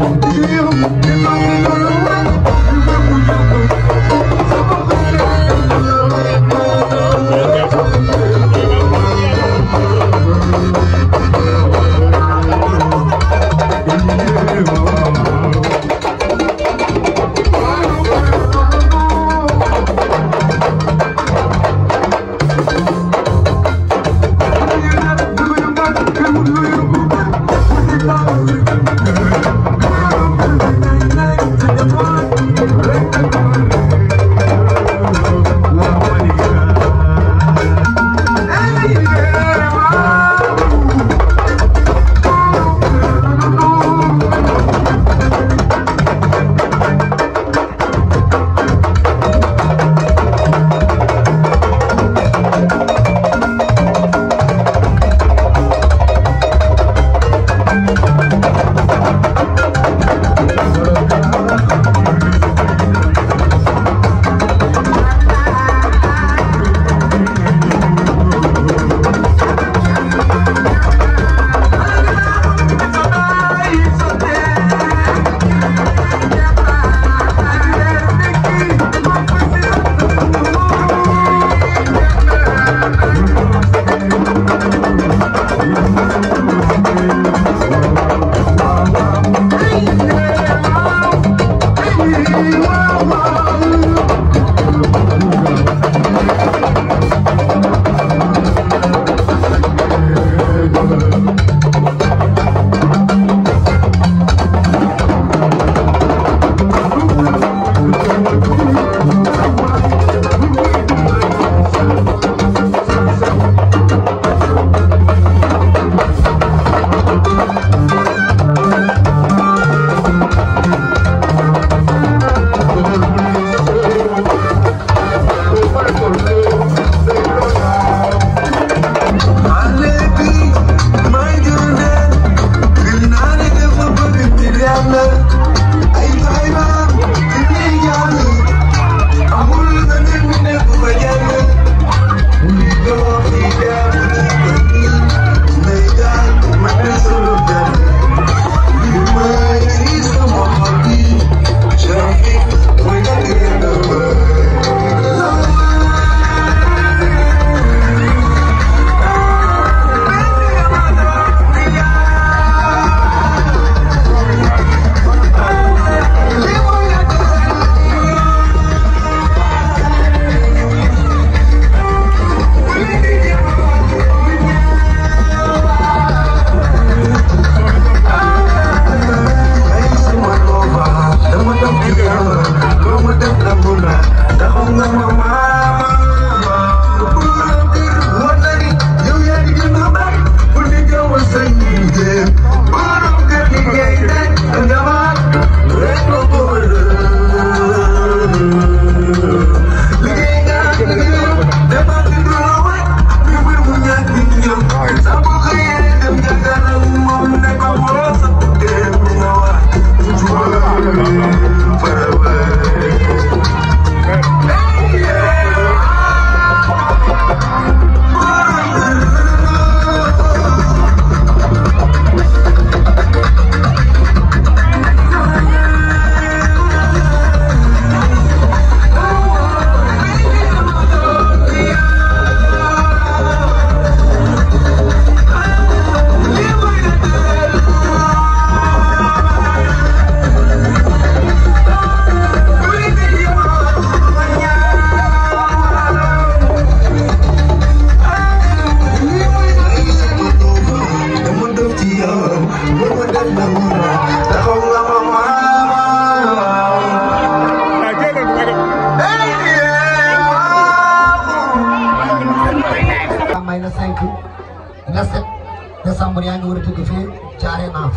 you,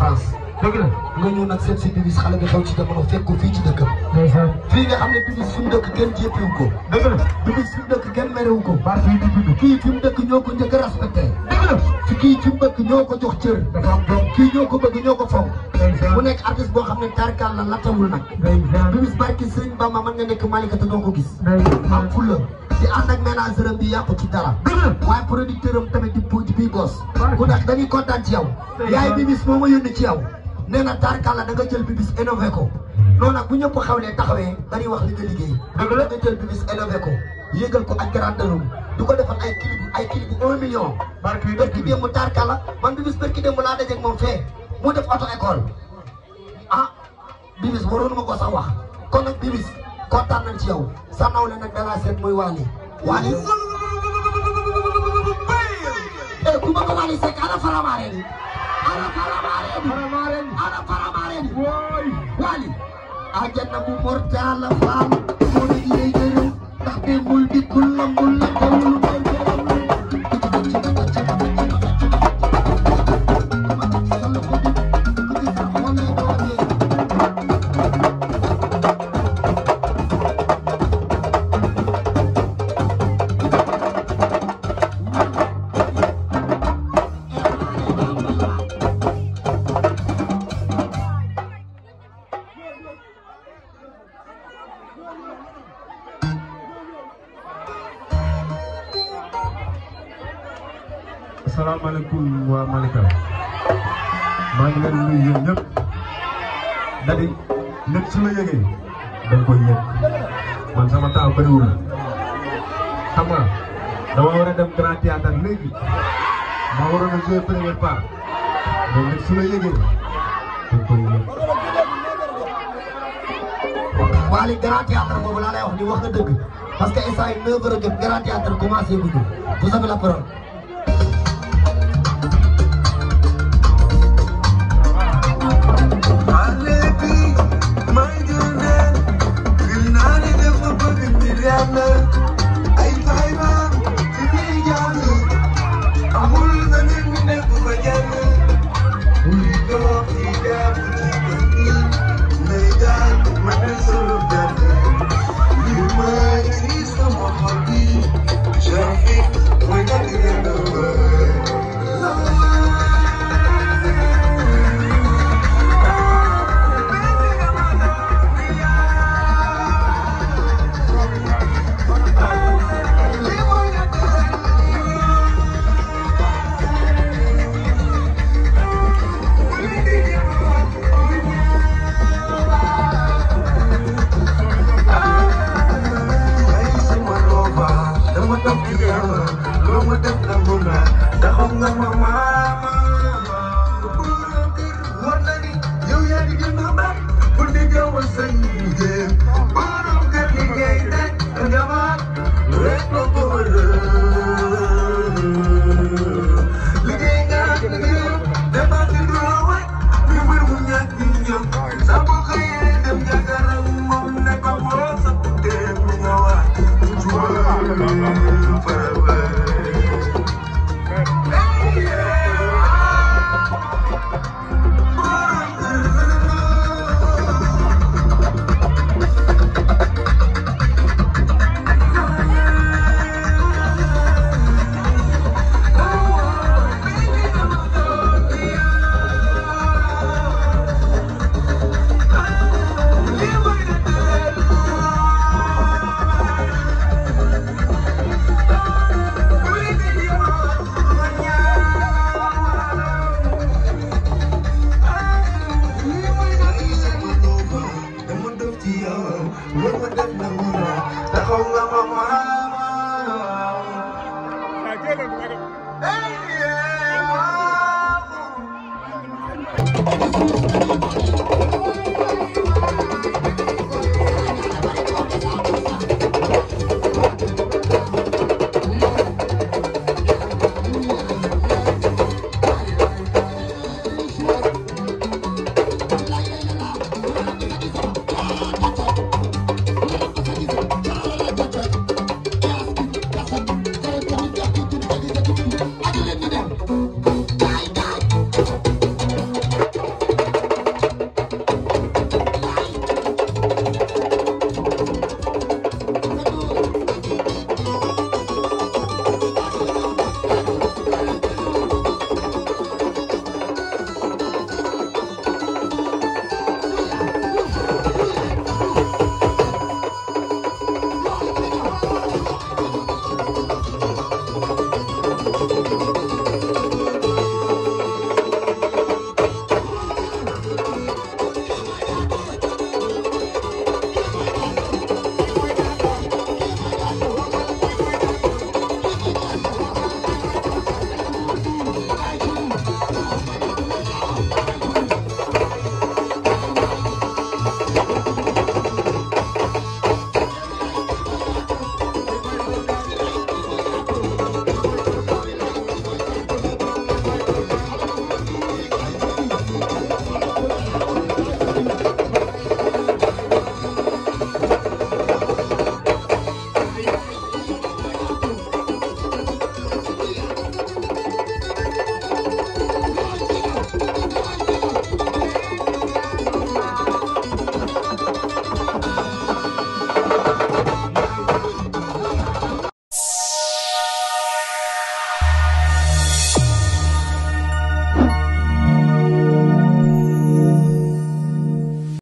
France dëgg la nga ñëw nag seet si Bibis xale bi xew ci jamono fekk ko fii ci dëkkam fii nga xam ne Bibis fi mu dëkk kenn jéppiwu ko dëgg la Bibis fi kenn merewu ko kii fi mu dëkk ñoo ko njëkk a respecté dëgg la si kii ko jox cër dafa am ko bëgg ñoo ko fonk mu nekk artiste boo xam ne tarkal la latawul nag Bibis barki Sëriñ Bamba mën nga nekk Malika te doo gis di ànd ak ménageur bi yàqu ci dara. waaye producteur am tamit di puuj bii boos. ku nekk dañuy kontaan ci yow. yaay bi bis moo ma yónni ci yow. nee na tarkala da nga jël bi bis innové ko. noonu nag bu ñëpp xawlee taxawee dañuy wax li liggéey. dëgg la da nga jël bi bis innové ko. yéegal ko ak grande room du ko defal ay clip ay clip un million. barke bi bi mu tarkala man bi bis barke dem mu laa dajeeg moom fee. mu def auto école ah bi bis waroon ma ko a wax kon nag bi kontaan nañ ci yow sa nawle nag da laa seet muy Waly Waly e eh, ku bëgg Waly Seck ana faramaare ni ana faramaare ni ana faramaare ni Waly aljanna bu mortala faam moo di yey jëriñ ndax bi muy dikkul lambul la maa ngi leen di nuyu yéen ñëpp da di nit su la yëgee da nga koy yëg man sama temps bëriwul xam nga dama war a dem grand théâtre léegi maa waroon a joué première part mais nit su la yëgee da nga koy yëg. waa li grand théâtre boobu laa lay wax ni wax nga dëgg parce que instant yii 9 heures jot grand théâtre commencé gudd vous avez la parole. Música